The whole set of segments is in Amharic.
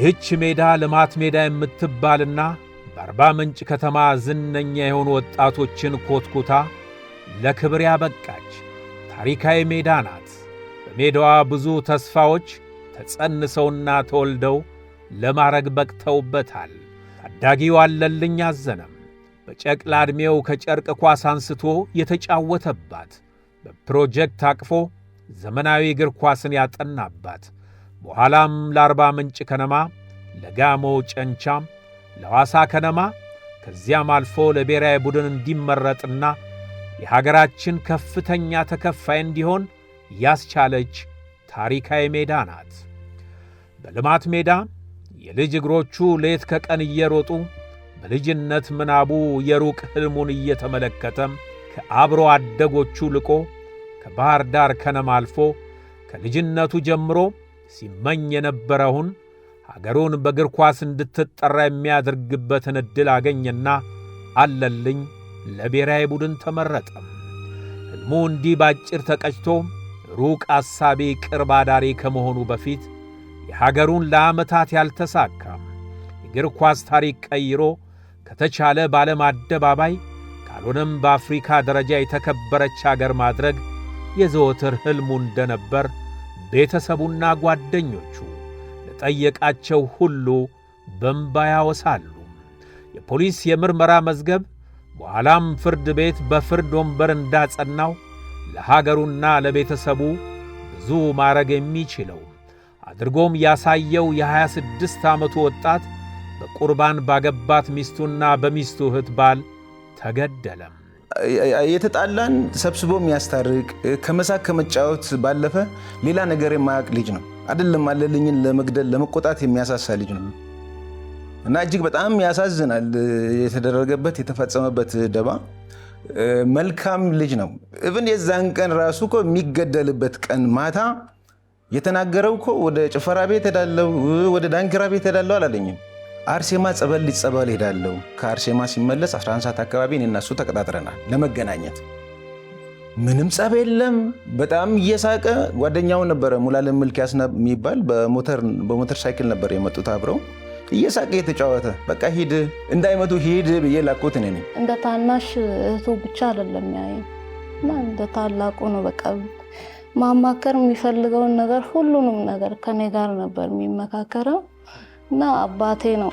ይህች ሜዳ ልማት ሜዳ የምትባልና በአርባ ምንጭ ከተማ ዝነኛ የሆኑ ወጣቶችን ኮትኩታ ለክብር ያበቃች ታሪካዊ ሜዳ ናት። በሜዳዋ ብዙ ተስፋዎች ተጸንሰውና ተወልደው ለማረግ በቅተውበታል። ታዳጊው አለልኝ አዘነም በጨቅላ ዕድሜው ከጨርቅ ኳስ አንስቶ የተጫወተባት፣ በፕሮጀክት አቅፎ ዘመናዊ እግር ኳስን ያጠናባት በኋላም ለአርባ ምንጭ ከነማ፣ ለጋሞ ጨንቻም፣ ለዋሳ ከነማ ከዚያም አልፎ ለብሔራዊ ቡድን እንዲመረጥና የሀገራችን ከፍተኛ ተከፋይ እንዲሆን ያስቻለች ታሪካዊ ሜዳ ናት። በልማት ሜዳ የልጅ እግሮቹ ሌት ከቀን እየሮጡ በልጅነት ምናቡ የሩቅ ሕልሙን እየተመለከተም ከአብሮ አደጎቹ ልቆ ከባሕር ዳር ከነማ አልፎ ከልጅነቱ ጀምሮ ሲመኝ የነበረውን አገሩን በእግር ኳስ እንድትጠራ የሚያደርግበትን ዕድል አገኘና አለልኝ ለብሔራዊ ቡድን ተመረጠም። ሕልሙ እንዲህ ባጭር ተቀጭቶ ሩቅ አሳቢ ቅርብ አዳሪ ከመሆኑ በፊት የሀገሩን ለዓመታት ያልተሳካም የእግር ኳስ ታሪክ ቀይሮ ከተቻለ በዓለም አደባባይ ካልሆነም በአፍሪካ ደረጃ የተከበረች አገር ማድረግ የዘወትር ሕልሙ እንደነበር ቤተሰቡና ጓደኞቹ ለጠየቃቸው ሁሉ በንባ ያወሳሉ። የፖሊስ የምርመራ መዝገብ በኋላም ፍርድ ቤት በፍርድ ወንበር እንዳጸናው ለሀገሩና ለቤተሰቡ ብዙ ማድረግ የሚችለው አድርጎም ያሳየው የ26 ዓመቱ ወጣት በቁርባን ባገባት ሚስቱና በሚስቱ እህት ባል ተገደለም። የተጣላን ሰብስቦ የሚያስታርቅ ከመሳቅ ከመጫወት ባለፈ ሌላ ነገር የማያውቅ ልጅ ነው። አይደለም አለልኝን ለመግደል ለመቆጣት የሚያሳሳ ልጅ ነው እና እጅግ በጣም ያሳዝናል። የተደረገበት የተፈጸመበት ደባ መልካም ልጅ ነው። እብን የዛን ቀን ራሱ እኮ የሚገደልበት ቀን ማታ የተናገረው እኮ ወደ ጭፈራ ቤት ሄዳለሁ፣ ወደ ዳንኪራ ቤት ሄዳለሁ አላለኝም አርሴማ ጸበል ሊጸበል ሄዳለሁ። ከአርሴማ ሲመለስ 11 ሰዓት አካባቢ እኔ እና እሱ ተቀጣጥረናል ለመገናኘት። ምንም ጸብ የለም። በጣም እየሳቀ ጓደኛው ነበረ ሙላለም ምልኪያስ የሚባል በሞተር ሳይክል ነበር የመጡት አብረው እየሳቀ የተጫወተ በቃ ሂድ እንዳይመቱ ሂድ ብዬ ላኩት። እኔ እንደ ታናሽ እህቱ ብቻ አይደለም ያይ እና እንደ ታላቁ ነው። በቃ ማማከር የሚፈልገውን ነገር ሁሉንም ነገር ከኔ ጋር ነበር የሚመካከረው። እና አባቴ ነው።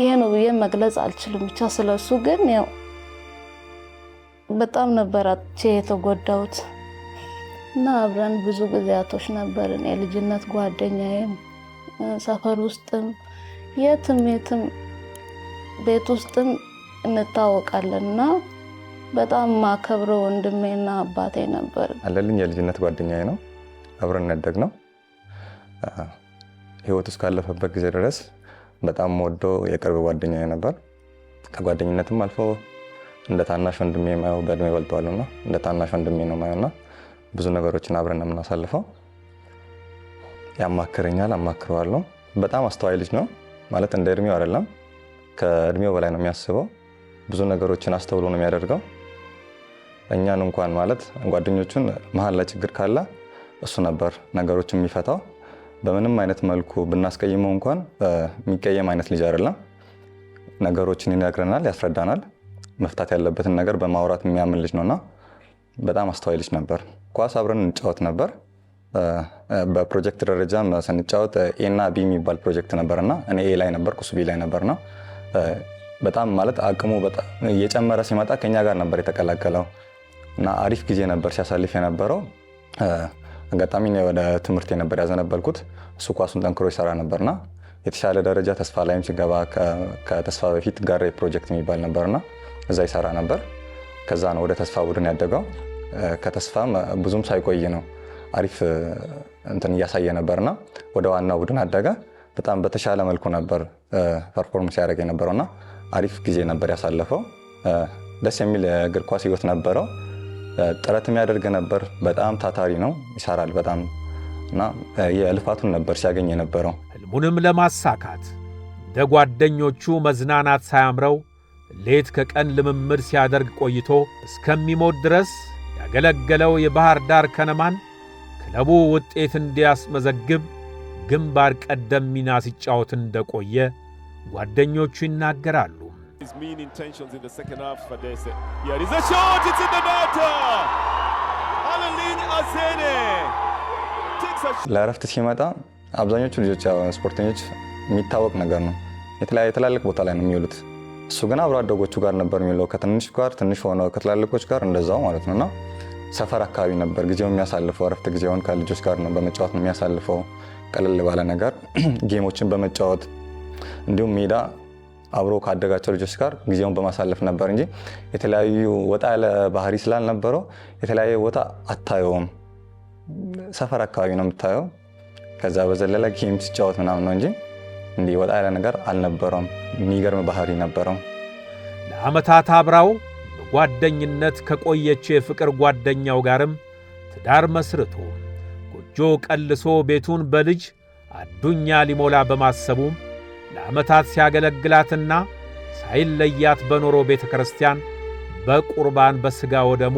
ይሄ ነው ብዬ መግለጽ አልችልም። ብቻ ስለሱ ግን ያው በጣም ነበር አጥቼ የተጎዳሁት እና አብረን ብዙ ጊዜያቶች ነበርን። የልጅነት ጓደኛዬም ሰፈር ውስጥም የትም የትም ቤት ውስጥም እንታወቃለን እና በጣም ማከብረው ወንድሜና አባቴ ነበር። አለልኝ የልጅነት ጓደኛዬ ነው። አብረን ነደግ ነው ህይወት እስካለፈበት ጊዜ ድረስ በጣም ወዶ የቅርብ ጓደኛ ነበር። ከጓደኝነትም አልፎ እንደ ታናሽ ወንድሜ ማየው በእድሜ በልጠዋልና እንደ ታናሽ ወንድሜ ነው ማየውና ብዙ ነገሮችን አብረን የምናሳልፈው። ያማክረኛል፣ አማክረዋለሁ። በጣም አስተዋይ ልጅ ነው ማለት እንደ እድሜው አይደለም፣ ከእድሜው በላይ ነው የሚያስበው። ብዙ ነገሮችን አስተውሎ ነው የሚያደርገው። እኛን እንኳን ማለት ጓደኞቹን መሀል ላይ ችግር ካለ እሱ ነበር ነገሮችን የሚፈታው። በምንም አይነት መልኩ ብናስቀይመው እንኳን የሚቀየም አይነት ልጅ አይደለም። ነገሮችን ይነግረናል፣ ያስረዳናል። መፍታት ያለበትን ነገር በማውራት የሚያምን ልጅ ነውና በጣም አስተዋይ ልጅ ነበር። ኳስ አብረን እንጫወት ነበር። በፕሮጀክት ደረጃ ስንጫወት ኤና ቢ የሚባል ፕሮጀክት ነበርና እኔ ኤ ላይ ነበር፣ እሱ ቢ ላይ ነበርና በጣም ማለት አቅሙ እየጨመረ ሲመጣ ከኛ ጋር ነበር የተቀላቀለው እና አሪፍ ጊዜ ነበር ሲያሳልፍ የነበረው። አጋጣሚ ወደ ትምህርት ነበር ያዘነበልኩት። እሱ ኳሱን ጠንክሮ ይሰራ ነበርና የተሻለ ደረጃ ተስፋ ላይም ሲገባ ከተስፋ በፊት ጋሬ ፕሮጀክት የሚባል ነበርና እዛ ይሰራ ነበር። ከዛ ነው ወደ ተስፋ ቡድን ያደገው። ከተስፋም ብዙም ሳይቆይ ነው አሪፍ እንትን እያሳየ ነበርና ወደ ዋና ቡድን አደገ። በጣም በተሻለ መልኩ ነበር ፐርፎርመንስ ያደረገ የነበረውና አሪፍ ጊዜ ነበር ያሳለፈው። ደስ የሚል እግር ኳስ ህይወት ነበረው። ጥረት የሚያደርግ ነበር። በጣም ታታሪ ነው፣ ይሰራል በጣም እና የልፋቱን ነበር ሲያገኝ የነበረው። ህልሙንም ለማሳካት እንደ ጓደኞቹ መዝናናት ሳያምረው ሌት ከቀን ልምምድ ሲያደርግ ቆይቶ እስከሚሞት ድረስ ያገለገለው የባሕር ዳር ከነማን ክለቡ ውጤት እንዲያስመዘግብ ግንባር ቀደም ሚና ሲጫወት እንደቆየ ጓደኞቹ ይናገራሉ። his mean intentions in the second half. Fadese. Here is a shot, it's in the net! አለልኝ አሴኔ ለእረፍት ሲመጣ አብዛኞቹ ልጆች ስፖርተኞች የሚታወቅ ነገር ነው። የተለያየ ቦታ ላይ ነው የሚውሉት። እሱ ግን አብሮ አደጎቹ ጋር ነበር የሚለው ከትንሽ ጋር ትንሽ ሆነ፣ ከትላልቆች ጋር እንደዛው ማለት ነው። ሰፈር አካባቢ ነበር ጊዜው የሚያሳልፈው። እረፍት ጊዜውን ከልጆች ጋር ነው በመጫወት ነው የሚያሳልፈው፣ ቀለል ባለ ነገር ጌሞችን በመጫወት እንዲሁም ሜዳ አብሮ ካደጋቸው ልጆች ጋር ጊዜውን በማሳለፍ ነበር እንጂ የተለያዩ ወጣ ያለ ባህሪ ስላልነበረው የተለያየ ቦታ አታየውም። ሰፈር አካባቢ ነው የምታየው። ከዛ በዘለለ ጌም ሲጫወት ምናምን ነው እንጂ እንዲህ ወጣ ያለ ነገር አልነበረውም። የሚገርም ባህሪ ነበረው። ለአመታት አብራው በጓደኝነት ከቆየች የፍቅር ጓደኛው ጋርም ትዳር መስርቶ ጎጆ ቀልሶ ቤቱን በልጅ አዱኛ ሊሞላ በማሰቡም። ለዓመታት ሲያገለግላትና ሳይለያት በኖሮ ቤተ ክርስቲያን በቁርባን በሥጋ ወደሙ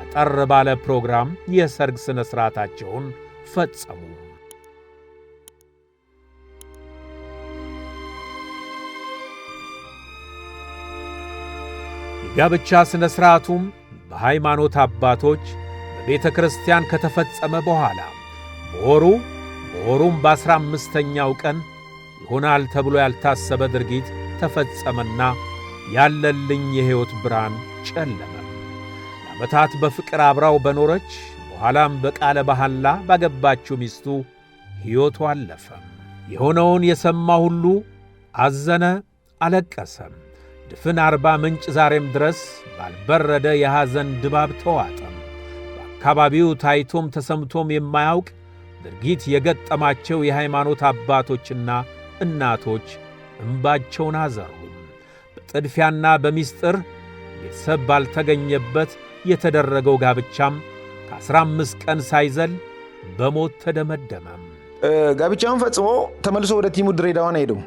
አጠር ባለ ፕሮግራም የሰርግ ሥነ ሥርዓታቸውን ፈጸሙ። የጋብቻ ሥነ ሥርዓቱም በሃይማኖት አባቶች በቤተ ክርስቲያን ከተፈጸመ በኋላ በወሩ በወሩም 1 አምስተኛው ቀን ይሆናል ተብሎ ያልታሰበ ድርጊት ተፈጸመና ያለልኝ የሕይወት ብርሃን ጨለመ። ለዓመታት በፍቅር አብራው በኖረች በኋላም በቃለ ባህላ ባገባችው ሚስቱ ሕይወቱ አለፈ። የሆነውን የሰማ ሁሉ አዘነ፣ አለቀሰም። ድፍን አርባ ምንጭ ዛሬም ድረስ ባልበረደ የሐዘን ድባብ ተዋጠም። በአካባቢው ታይቶም ተሰምቶም የማያውቅ ድርጊት የገጠማቸው የሃይማኖት አባቶችና እናቶች እምባቸውን አዘሩ። በጥድፊያና በሚስጥር ቤተሰብ ባልተገኘበት የተደረገው ጋብቻም ከአስራ አምስት ቀን ሳይዘል በሞት ተደመደመ። ጋብቻውን ፈጽሞ ተመልሶ ወደ ቲሙ ድሬዳዋን ሄደው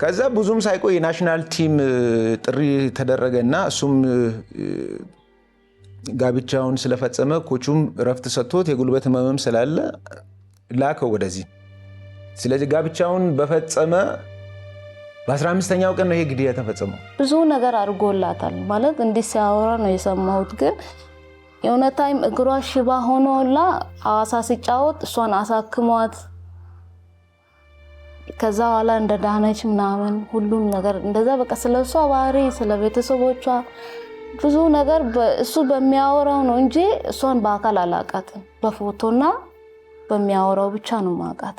ከዛ ብዙም ሳይቆይ የናሽናል ቲም ጥሪ ተደረገ እና እሱም ጋብቻውን ስለፈጸመ ኮቹም እረፍት ሰጥቶት የጉልበት ህመምም ስላለ ላከው ወደዚህ ስለዚህ ጋብቻውን በፈጸመ በ15ኛው ቀን ነው ይሄ ግድያ ተፈጸመው። ብዙ ነገር አድርጎላታል ማለት እንዲህ ሲያወራ ነው የሰማሁት። ግን የሆነ ታይም እግሯ ሽባ ሆኖላ ሐዋሳ ሲጫወት እሷን አሳክሟት ከዛ በኋላ እንደ ዳነች ምናምን ሁሉም ነገር እንደዛ በቃ ስለ እሷ ባህሪ፣ ስለ ቤተሰቦቿ ብዙ ነገር እሱ በሚያወራው ነው እንጂ እሷን በአካል አላቃትም። በፎቶና በሚያወራው ብቻ ነው ማውቃት።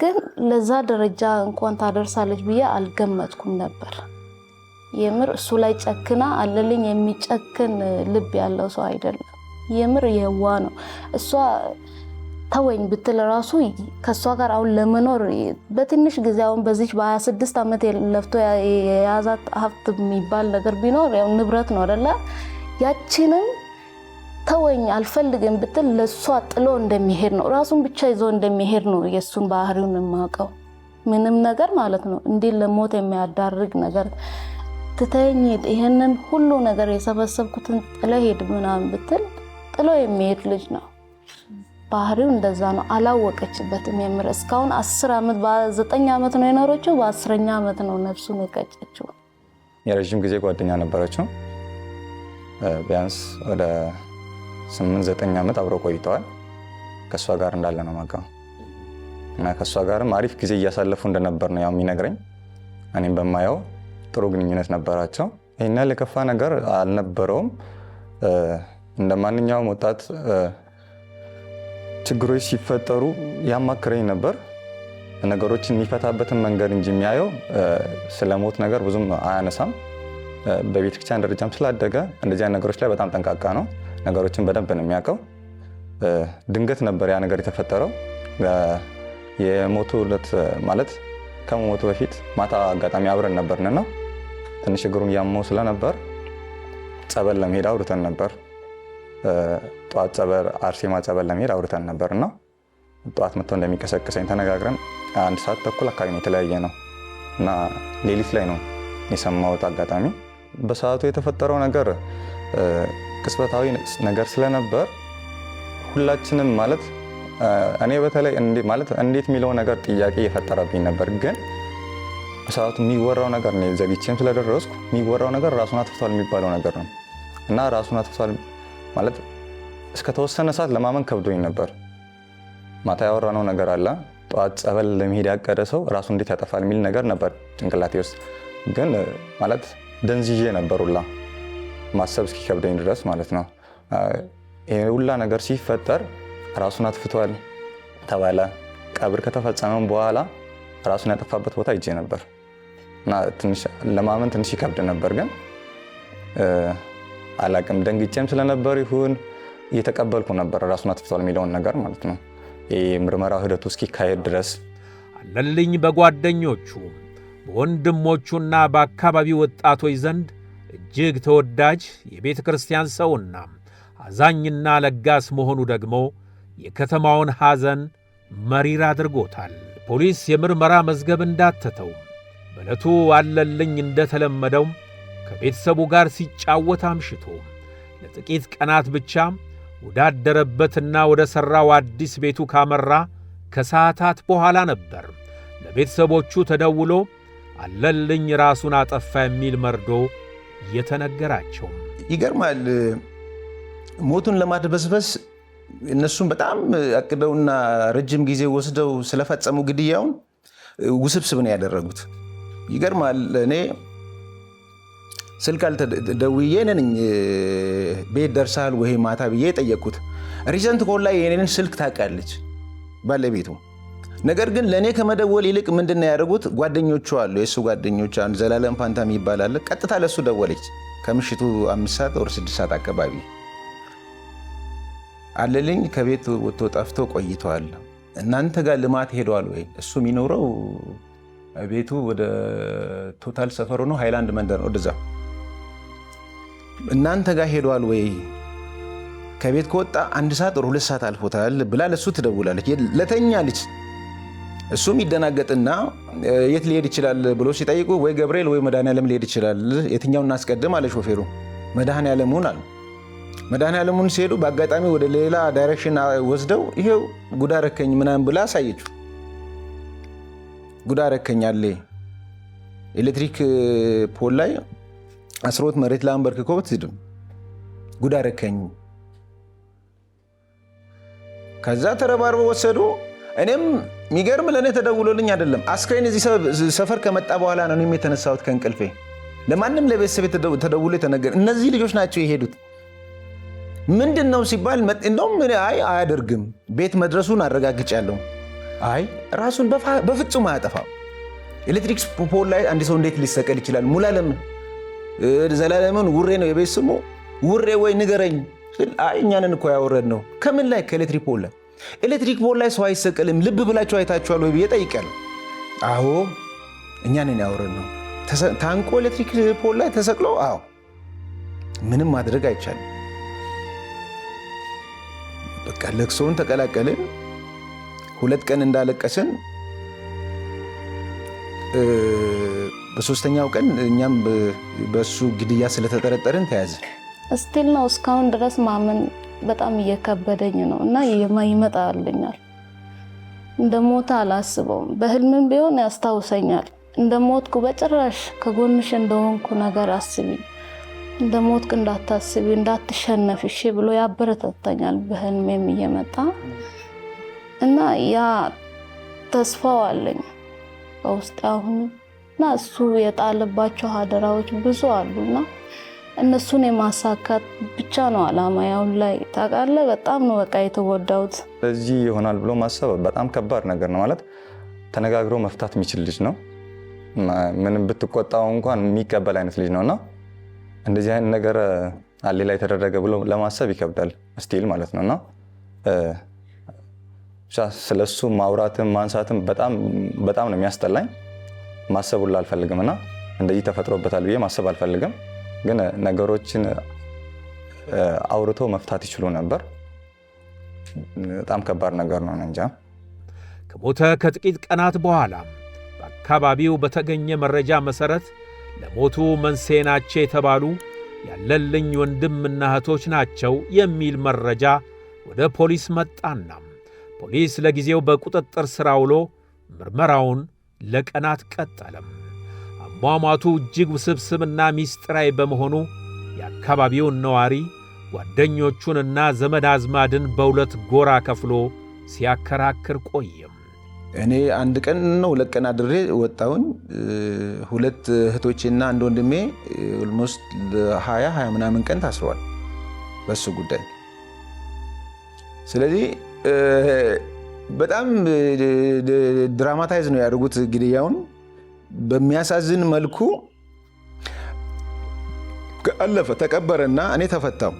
ግን ለዛ ደረጃ እንኳን ታደርሳለች ብዬ አልገመትኩም ነበር። የምር እሱ ላይ ጨክና አለልኝ የሚጨክን ልብ ያለው ሰው አይደለም። የምር የዋ ነው። እሷ ተወኝ ብትል ራሱ ከእሷ ጋር አሁን ለመኖር በትንሽ ጊዜ አሁን በዚች በ26 ዓመት ለፍቶ የያዛት ሀብት የሚባል ነገር ቢኖር ያው ንብረት ነው አደለ ያችንም ተወኝ አልፈልግም ብትል ለእሷ ጥሎ እንደሚሄድ ነው፣ ራሱን ብቻ ይዞ እንደሚሄድ ነው። የእሱን ባህሪውን የማውቀው ምንም ነገር ማለት ነው እንዲህ ለሞት የሚያዳርግ ነገር ትተኝ ይህንን ሁሉ ነገር የሰበሰብኩትን ጥለ ሄድ ምናምን ብትል ጥሎ የሚሄድ ልጅ ነው። ባህሪው እንደዛ ነው። አላወቀችበትም። የምር እስካሁን አስር ዓመት በዘጠኝ ዓመት ነው የኖረችው። በአስረኛ ዓመት ነው ነፍሱን የቀጨችው። የረዥም ጊዜ ጓደኛ ነበረችው ቢያንስ ወደ ስምንት ዘጠኝ ዓመት አብረው ቆይተዋል። ከእሷ ጋር እንዳለ ነው ማቀው እና ከእሷ ጋርም አሪፍ ጊዜ እያሳለፉ እንደነበር ነው ያው የሚነግረኝ። እኔም በማየው ጥሩ ግንኙነት ነበራቸው። ይህን ለከፋ ነገር አልነበረውም። እንደ ማንኛውም ወጣት ችግሮች ሲፈጠሩ ያማክረኝ ነበር። ነገሮችን የሚፈታበትን መንገድ እንጂ የሚያየው ስለ ሞት ነገር ብዙም አያነሳም። በቤተክርስቲያን ደረጃም ስላደገ እንደዚህ ነገሮች ላይ በጣም ጠንቃቃ ነው። ነገሮችን በደንብ ነው የሚያውቀው። ድንገት ነበር ያ ነገር የተፈጠረው። የሞቱ ዕለት ማለት ከመሞቱ በፊት ማታ አጋጣሚ አብረን ነበርንና ትንሽ እግሩን እያመው ስለነበር ጸበል ለመሄድ አውርተን ነበር። ጠዋት ጸበል አርሴማ ጸበል ለመሄድ አውርተን ነበር እና ጠዋት መጥቶ እንደሚቀሰቅሰኝ ተነጋግረን አንድ ሰዓት ተኩል አካባቢ ነው የተለያየ ነው እና ሌሊት ላይ ነው የሰማሁት አጋጣሚ። በሰዓቱ የተፈጠረው ነገር ቅጽበታዊ ነገር ስለነበር ሁላችንም ማለት እኔ በተለይ ማለት እንዴት የሚለው ነገር ጥያቄ እየፈጠረብኝ ነበር። ግን ሰዓቱ የሚወራው ነገር እኔ ዘግቼም ስለደረስኩ የሚወራው ነገር ራሱን አጥፍቷል የሚባለው ነገር ነው እና ራሱን አጥፍቷል ማለት እስከተወሰነ ሰዓት ለማመን ከብዶኝ ነበር። ማታ ያወራነው ነገር አለ። ጠዋት ጸበል ለመሄድ ያቀደ ሰው ራሱ እንዴት ያጠፋል የሚል ነገር ነበር ጭንቅላቴ ውስጥ። ግን ማለት ደንዝዤ ነበሩላ ማሰብ እስኪከብደኝ ድረስ ማለት ነው። ይሄ ሁላ ነገር ሲፈጠር ራሱን አጥፍቷል ተባለ። ቀብር ከተፈጸመም በኋላ ራሱን ያጠፋበት ቦታ ይጄ ነበር እና ለማመን ትንሽ ይከብድ ነበር፣ ግን አላቅም ደንግጬም ስለነበር ይሁን እየተቀበልኩ ነበር ራሱን አጥፍቷል የሚለውን ነገር ማለት ነው። ይህ ምርመራ ሂደቱ እስኪካሄድ ድረስ አለልኝ በጓደኞቹ በወንድሞቹና በአካባቢው ወጣቶች ዘንድ እጅግ ተወዳጅ የቤተ ክርስቲያን ሰውና አዛኝና ለጋስ መሆኑ ደግሞ የከተማውን ሐዘን መሪር አድርጎታል። ፖሊስ የምርመራ መዝገብ እንዳተተው በዕለቱ አለልኝ እንደተለመደው ከቤተሰቡ ጋር ሲጫወት አምሽቶ ለጥቂት ቀናት ብቻ ወዳደረበትና ወደ ሠራው አዲስ ቤቱ ካመራ ከሰዓታት በኋላ ነበር ለቤተሰቦቹ ተደውሎ አለልኝ ራሱን አጠፋ የሚል መርዶ የተነገራቸው። ይገርማል። ሞቱን ለማድበስበስ እነሱም በጣም አቅደውና ረጅም ጊዜ ወስደው ስለፈጸሙ ግድያውን ውስብስብ ነው ያደረጉት። ይገርማል። እኔ ስልክ አልተደውዬ ነኝ ቤት ደርሳል ወይ ማታ ብዬ የጠየቅኩት ሪዘንት ኮል ላይ የኔን ስልክ ታውቃለች ባለቤቱ ነገር ግን ለእኔ ከመደወል ይልቅ ምንድን ያደርጉት ጓደኞቹ አሉ የእሱ ጓደኞች አንድ ዘላለም ፋንታ ይባላል። ቀጥታ ለእሱ ደወለች ከምሽቱ አምስት ሰዓት ወር ስድስት ሰዓት አካባቢ አለልኝ ከቤት ወጥቶ ጠፍቶ ቆይተዋል። እናንተ ጋር ልማት ሄደዋል ወይ? እሱ የሚኖረው ቤቱ ወደ ቶታል ሰፈሩ ነው፣ ሃይላንድ መንደር ነው። ወደዛ እናንተ ጋር ሄደዋል ወይ? ከቤት ከወጣ አንድ ሰዓት ወር ሁለት ሰዓት አልፎታል ብላ ለሱ ትደውላለች። ለተኛ ልጅ እሱም ይደናገጥና የት ሊሄድ ይችላል ብሎ ሲጠይቁ ወይ ገብርኤል ወይ መድኃኔዓለም ሊሄድ ይችላል፣ የትኛውን እናስቀድም አለ ሾፌሩ። መድኃኔዓለሙን አሉ። መድኃኔዓለሙን ሲሄዱ በአጋጣሚ ወደ ሌላ ዳይሬክሽን ወስደው ይሄው ጉዳረከኝ ምናምን ብላ አሳየችው። ረከኝ አለ ኤሌክትሪክ ፖል ላይ አስሮት መሬት ለአንበርክኮ ብትሄድም ረከኝ። ከዛ ተረባርበው ወሰዱ እኔም የሚገርም ለእኔ ተደውሎልኝ አይደለም አስክሬን እዚህ ሰፈር ከመጣ በኋላ ነው እኔም የተነሳሁት ከእንቅልፌ። ለማንም ለቤተሰብ ተደውሎ የተነገረ እነዚህ ልጆች ናቸው የሄዱት። ምንድን ነው ሲባል እንደውም አይ አያደርግም ቤት መድረሱን አረጋግጫለሁ። አይ ራሱን በፍጹም አያጠፋም። ኤሌክትሪክ ፖል ላይ አንድ ሰው እንዴት ሊሰቀል ይችላል? ሙላለም ዘላለምን ውሬ ነው የቤት ስሙ። ውሬ ወይ ንገረኝ ስል አይ እኛንን እኮ ያወረድ ነው። ከምን ላይ? ከኤሌክትሪክ ፖል ላይ ኤሌክትሪክ ቦል ላይ ሰው አይሰቀልም። ልብ ብላችሁ አይታችኋል ወይ ብዬ ጠይቀል። አዎ እኛ ነን ያወረን ነው ታንቆ ኤሌክትሪክ ፖል ላይ ተሰቅሎ፣ አዎ ምንም ማድረግ አይቻልም። በቃ ለቅሶውን ተቀላቀልን። ሁለት ቀን እንዳለቀስን በሶስተኛው ቀን እኛም በእሱ ግድያ ስለተጠረጠርን ተያዘ። እስቲል ነው እስካሁን ድረስ ማመን በጣም እየከበደኝ ነው እና ይመጣልኛል። እንደ ሞተ አላስበውም። በህልምም ቢሆን ያስታውሰኛል። እንደ ሞትኩ በጭራሽ ከጎንሽ እንደሆንኩ ነገር አስቢ፣ እንደ ሞትክ እንዳታስቢ፣ እንዳትሸነፍ እሺ ብሎ ያበረታታኛል። በህልሜም እየመጣ እና ያ ተስፋው አለኝ በውስጥ አሁን እና እሱ የጣለባቸው አደራዎች ብዙ እና እነሱን የማሳካት ብቻ ነው አላማ። ያሁን ላይ ታውቃለህ፣ በጣም ነው በቃ የተጎዳሁት። እዚህ ይሆናል ብሎ ማሰብ በጣም ከባድ ነገር ነው ማለት ተነጋግሮ መፍታት የሚችል ልጅ ነው። ምንም ብትቆጣው እንኳን የሚቀበል አይነት ልጅ ነው እና እንደዚህ አይነት ነገር አሌ ላይ የተደረገ ብሎ ለማሰብ ይከብዳል ስቲል ማለት ነው እና ስለሱ ማውራትም ማንሳትም በጣም ነው የሚያስጠላኝ። ማሰቡን አልፈልግም እና እንደዚህ ተፈጥሮበታል ብዬ ማሰብ አልፈልግም። ግን ነገሮችን አውርቶ መፍታት ይችሉ ነበር። በጣም ከባድ ነገር ነው። እንጃ ከሞተ ከጥቂት ቀናት በኋላ በአካባቢው በተገኘ መረጃ መሠረት ለሞቱ መንስኤ ናቸው የተባሉ ያለልኝ ወንድምና እህቶች ናቸው የሚል መረጃ ወደ ፖሊስ መጣና ፖሊስ ለጊዜው በቁጥጥር ሥር አውሎ ምርመራውን ለቀናት ቀጠለም። ሟሟቱ እጅግ ውስብስብና ሚስጥራዊ በመሆኑ የአካባቢውን ነዋሪ ጓደኞቹንና ዘመድ አዝማድን በሁለት ጎራ ከፍሎ ሲያከራክር ቆየም። እኔ አንድ ቀን ነው ሁለት ቀን አድሬ ወጣሁኝ። ሁለት እህቶቼና አንድ ወንድሜ ኦልሞስት ለሀያ ሀያ ምናምን ቀን ታስረዋል በሱ ጉዳይ። ስለዚህ በጣም ድራማታይዝ ነው ያደርጉት ግድያውን በሚያሳዝን መልኩ አለፈ፣ ተቀበረና እኔ ተፈታው።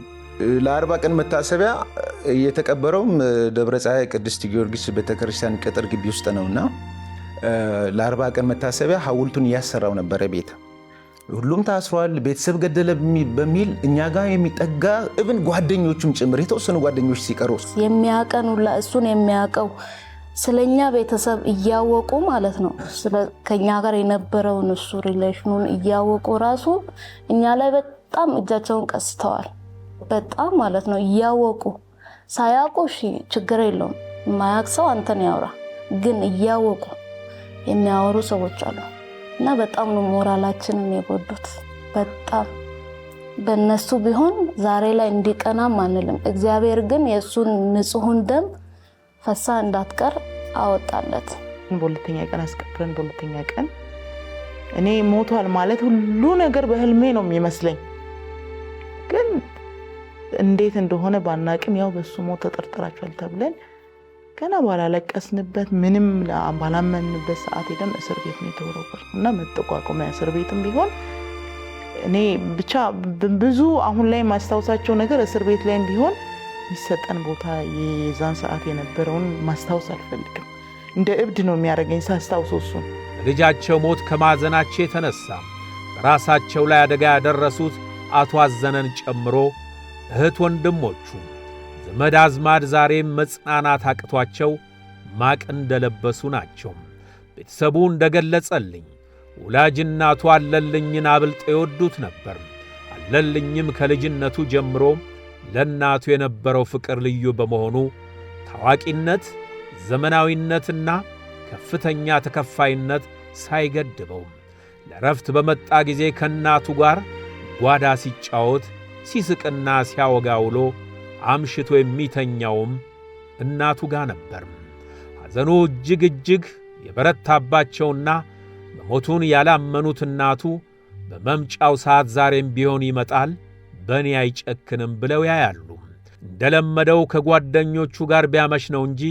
ለአርባ ቀን መታሰቢያ የተቀበረውም ደብረ ፀሐይ ቅድስት ጊዮርጊስ ቤተክርስቲያን ቅጥር ግቢ ውስጥ ነውና ለአርባ ቀን መታሰቢያ ሀውልቱን እያሰራው ነበረ ቤት ሁሉም ታስሯል። ቤተሰብ ገደለ በሚል እኛ ጋር የሚጠጋ እብን ጓደኞቹም ጭምር የተወሰኑ ጓደኞች ሲቀሩ የሚያቀኑላ እሱን የሚያቀው ስለኛ ቤተሰብ እያወቁ ማለት ነው። ከኛ ጋር የነበረውን እሱ ሪሌሽኑን እያወቁ ራሱ እኛ ላይ በጣም እጃቸውን ቀስተዋል። በጣም ማለት ነው እያወቁ ሳያውቁ እሺ ችግር የለውም የማያውቅ ሰው አንተን ያውራ። ግን እያወቁ የሚያወሩ ሰዎች አሉ እና በጣም ነው ሞራላችንን የጎዱት። በጣም በእነሱ ቢሆን ዛሬ ላይ እንዲቀናም አንልም። እግዚአብሔር ግን የእሱን ንጹሑን ደም ፈሳ እንዳትቀር አወጣለት። በሁለተኛ ቀን አስቀብረን በሁለተኛ ቀን እኔ ሞቷል ማለት ሁሉ ነገር በህልሜ ነው የሚመስለኝ፣ ግን እንዴት እንደሆነ ባናቅም ያው በሱ ሞት ተጠርጥራችኋል ተብለን ገና ባላለቀስንበት ምንም ባላመንበት ሰዓት ሄደን እስር ቤት ነው የተወረወርኩ እና እስር ቤትም ቢሆን እኔ ብቻ ብዙ አሁን ላይ ማስታወሳቸው ነገር እስር ቤት ላይም ቢሆን የሚሰጠን ቦታ የዛን ሰዓት የነበረውን ማስታወስ አልፈልግም። እንደ እብድ ነው የሚያደርገኝ ሳስታውሰው። እሱን ልጃቸው ሞት ከማዘናቸው የተነሳ በራሳቸው ላይ አደጋ ያደረሱት አቶ አዘነን ጨምሮ እህት ወንድሞቹ፣ ዘመድ አዝማድ ዛሬም መጽናናት አቅቷቸው ማቅ እንደለበሱ ናቸው። ቤተሰቡ እንደገለጸልኝ ወላጅ እናቱ አለልኝን አብልጠ የወዱት ነበር። አለልኝም ከልጅነቱ ጀምሮ ለእናቱ የነበረው ፍቅር ልዩ በመሆኑ ታዋቂነት፣ ዘመናዊነትና ከፍተኛ ተከፋይነት ሳይገድበውም ለረፍት በመጣ ጊዜ ከእናቱ ጋር ጓዳ ሲጫወት ሲስቅና ሲያወጋ ውሎ አምሽቶ የሚተኛውም እናቱ ጋር ነበር። ሐዘኑ እጅግ እጅግ የበረታባቸውና መሞቱን ያላመኑት እናቱ በመምጫው ሰዓት ዛሬም ቢሆን ይመጣል በእኔ አይጨክንም ብለው ያያሉ። እንደለመደው ከጓደኞቹ ጋር ቢያመሽ ነው እንጂ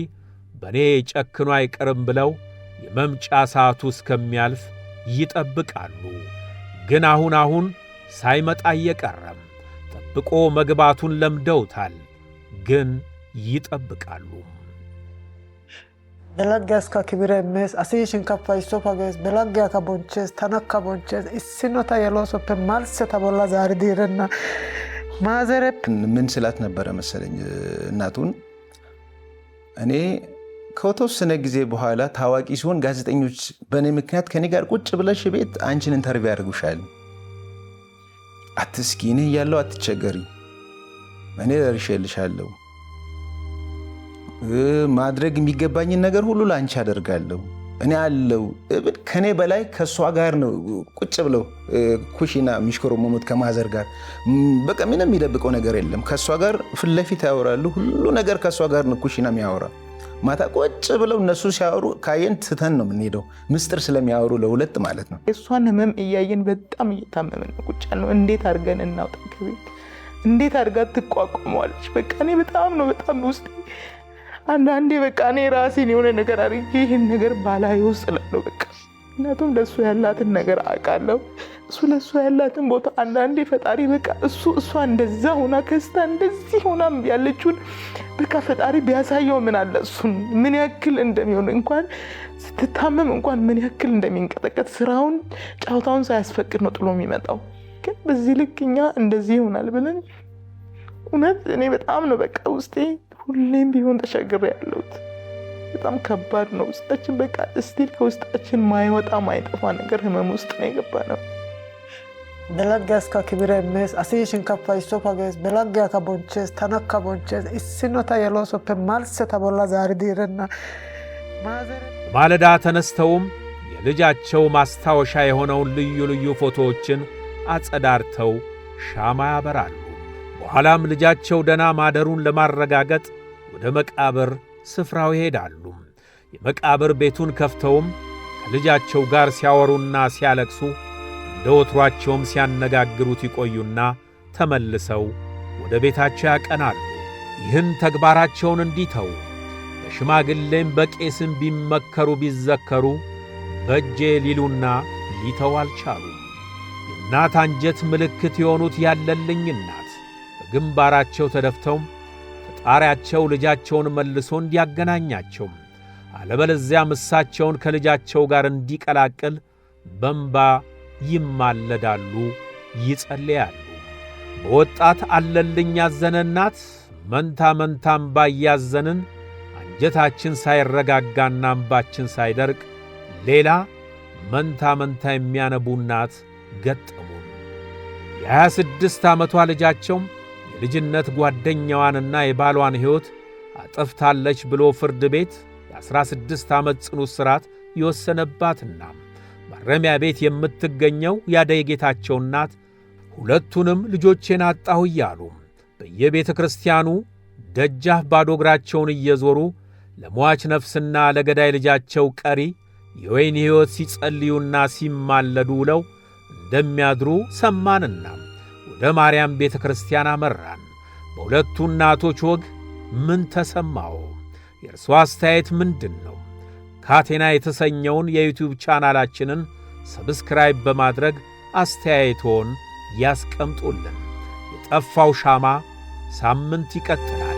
በእኔ ጨክኖ አይቀርም ብለው የመምጫ ሰዓቱ እስከሚያልፍ ይጠብቃሉ። ግን አሁን አሁን ሳይመጣ እየቀረም ጠብቆ መግባቱን ለምደውታል። ግን ይጠብቃሉ። Dalaggeeskaa kibiree mees asiishin kafayssopagees dalaggiyaakka bonchchees tanakka bonchchees issinota yeloosoppe malseta bolla zaaridi irenna ማዘረብ ምን ስላት ነበረ መሰለኝ እናቱን እኔ ከተወሰነ ጊዜ በኋላ ታዋቂ ሲሆን ጋዜጠኞች በእኔ ምክንያት ከኔ ጋር ቁጭ ብለሽ ቤት አንቺን ኢንተርቪው ያደርጉሻል። አትስኪ እኔ እያለሁ አትቸገሪ፣ እኔ ደርሼልሻለሁ ማድረግ የሚገባኝን ነገር ሁሉ ላንቺ አደርጋለሁ፣ እኔ አለው እብን ከእኔ በላይ ከእሷ ጋር ነው ቁጭ ብለው ኩሽና መሞት ከማዘር ጋር። በቃ ምንም የሚደብቀው ነገር የለም። ከእሷ ጋር ፊት ለፊት ያወራሉ። ሁሉ ነገር ከእሷ ጋር ነው ኩሽና የሚያወራ። ማታ ቁጭ ብለው እነሱ ሲያወሩ ካየን ትተን ነው የምንሄደው፣ ምስጢር ስለሚያወሩ ለሁለት ማለት ነው። የእሷን ህመም እያየን በጣም እየታመምን ነው ቁጭ እንዴት አድርገን እናውጣ ከቤት? እንዴት አድርጋ ትቋቋመዋለች? በቃ እኔ በጣም ነው በጣም ውስጥ አንዳንዴ በቃ እኔ ራሴን የሆነ ነገር አድርጌ ይህን ነገር ባላይ ውስጥ ላለሁ በቃ እናቱም ለእሱ ያላትን ነገር አውቃለሁ። እሱ ለእሱ ያላትን ቦታ አንዳንዴ ፈጣሪ በቃ እሱ እሷ እንደዛ ሆና ከስታ እንደዚህ ሆና ያለችውን በቃ ፈጣሪ ቢያሳየው ምን አለ እሱን ምን ያክል እንደሚሆን እንኳን ስትታመም እንኳን ምን ያክል እንደሚንቀጠቀጥ ስራውን ጨዋታውን ሳያስፈቅድ ነው ጥሎ የሚመጣው። ግን በዚህ ልክ እኛ እንደዚህ ይሆናል ብለን እውነት እኔ በጣም ነው በቃ ውስጤ ሁሌም ቢሆን ተሻግሬ ያለሁት በጣም ከባድ ነው። ውስጣችን በቃ እስቲል ከውስጣችን ማይወጣ ማይጠፋ ነገር ህመም ውስጥ ነው የገባ ነው። ማለዳ ተነስተውም የልጃቸው ማስታወሻ የሆነውን ልዩ ልዩ ፎቶዎችን አጸዳርተው ሻማ ያበራሉ። በኋላም ልጃቸው ደና ማደሩን ለማረጋገጥ ወደ መቃብር ስፍራው ይሄዳሉ። የመቃብር ቤቱን ከፍተውም ከልጃቸው ጋር ሲያወሩና ሲያለቅሱ እንደ ወትሯቸውም ሲያነጋግሩት ይቆዩና ተመልሰው ወደ ቤታቸው ያቀናሉ። ይህን ተግባራቸውን እንዲተው በሽማግሌም በቄስም ቢመከሩ ቢዘከሩ በእጄ ሊሉና ሊተው አልቻሉ። የእናት አንጀት ምልክት የሆኑት ያለልኝ እናት በግንባራቸው ተደፍተውም ፈጣሪያቸው ልጃቸውን መልሶ እንዲያገናኛቸው አለበለዚያም እሳቸውን ከልጃቸው ጋር እንዲቀላቅል በምባ ይማለዳሉ፣ ይጸልያሉ። በወጣት አለልኝ ያዘነ እናት መንታ መንታ እምባ እያዘንን አንጀታችን ሳይረጋጋና እምባችን ሳይደርቅ ሌላ መንታ መንታ የሚያነቡ እናት ገጠሙን። የ26 ዓመቷ ልጃቸውም የልጅነት ጓደኛዋንና የባሏን ሕይወት አጠፍታለች ብሎ ፍርድ ቤት የአሥራ ስድስት ዓመት ጽኑ ሥርዓት የወሰነባትና ማረሚያ ቤት የምትገኘው ያደይ ጌታቸው እናት ሁለቱንም ልጆቼን አጣሁ እያሉ በየቤተ ክርስቲያኑ ደጃፍ ባዶ እግራቸውን እየዞሩ ለሟች ነፍስና ለገዳይ ልጃቸው ቀሪ የወይን ሕይወት ሲጸልዩና ሲማለዱ ውለው እንደሚያድሩ ሰማንና ወደ ማርያም ቤተ ክርስቲያን አመራን። በሁለቱ እናቶች ወግ ምን ተሰማው? የእርሷ አስተያየት ምንድን ነው? ካቴና የተሰኘውን የዩቲዩብ ቻናላችንን ሰብስክራይብ በማድረግ አስተያየቶን ያስቀምጡልን። የጠፋው ሻማ ሳምንት ይቀጥላል።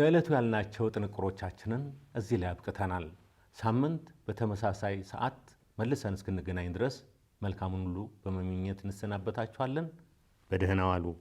ለዕለቱ ያልናቸው ጥንቅሮቻችንን እዚህ ላይ አብቅተናል። ሳምንት በተመሳሳይ ሰዓት መልሰን እስክንገናኝ ድረስ መልካሙን ሁሉ በመመኘት እንሰናበታችኋለን። በደህና ዋሉ።